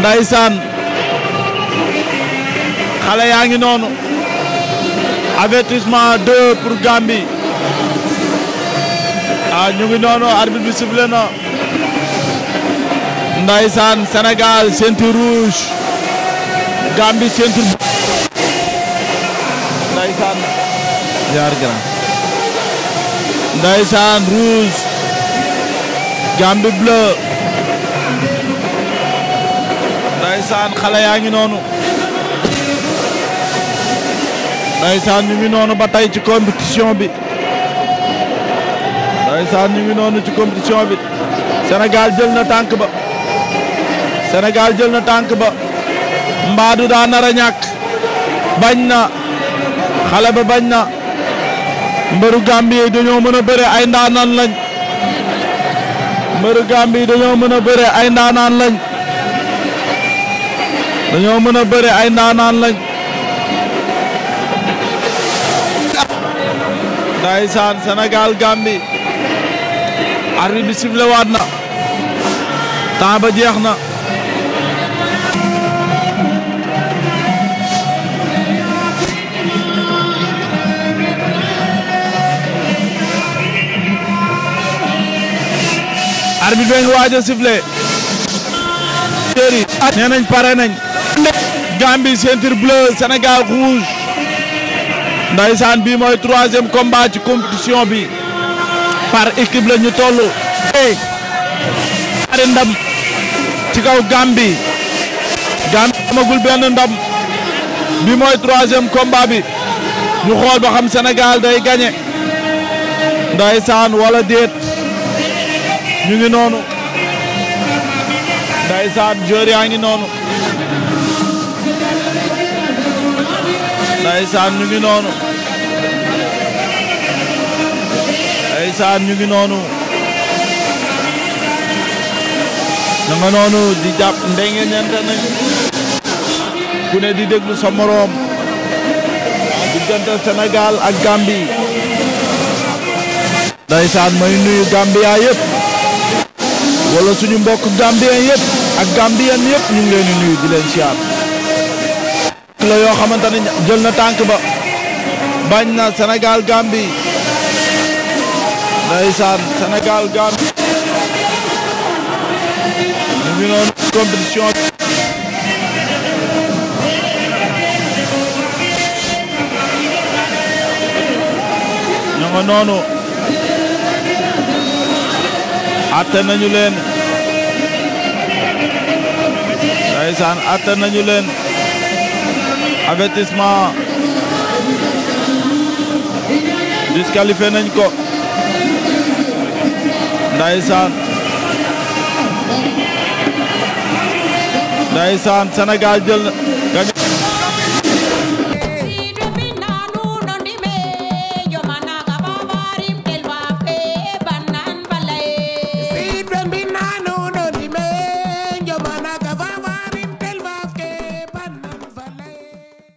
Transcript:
Ndeysaan xale yaa ngi noonu avertissement 2 pour Gambie ah ñu ngi noonu arbitre bi sifflé na Ndeysaan Sénégal ceinture rouge Gambie ceinture Ndeysaan jaar grand Ndeysaan rouge Gambie bleu ndeysaan xale yaa ngi noonu ndeysaan ñu noonu ba tey ci compétition bi ndeysaan ñu ngi noonu ci bi Sénégal jël na tànk ba Sénégal jël na tànk ba mbaadu daa nar a ñàkk bañ na xale ba bañ na mbëru Gambie yi dañoo mën a bëre ay ndaanaan lañ dañoo mën a bëre ay ndaanaan lañ. Ndeysaan Sénégal Gambie. arbitre bi sifflé waat na. temps ba jeex na. arbitre bi nga waaj a sifflé. nee nañ pare nañ. Gambie ceinture bleue Sénégal rouge ndaysaan bi mooy troisième combat ci compétition bi par équipe la ñu toll ñaari ndam ci kaw Gambie Gambie amagul benn ndam bi mooy troisième combat bi ñu xool ba xam Sénégal day gagné ndaysaan wala déet ñu ngi noonu ndaysaan joueur yaa ngi noonu ndeysaan ñu ngi noonu ndeysaan noonu di jàpp ndenge ñente nañ ku ne di déglu sa moroom diggante Sénégal ak Gambie ndeysaan may nuyu Gambia yëpp wala suñu mbokk Gambien yëpp ak Gambien yëpp ñu ngi leen di nuyu di leen siyaar la yoo xamante ne jël na tànk ba bañ na Sénégal Gambie ndeysaan Sénégal Gambie ñu ngi noonu compétition ñu nga noonu atte nañu nañu leen avertissement disqualifié nañ ko ndaysaan ndaysaan Sénégal jël na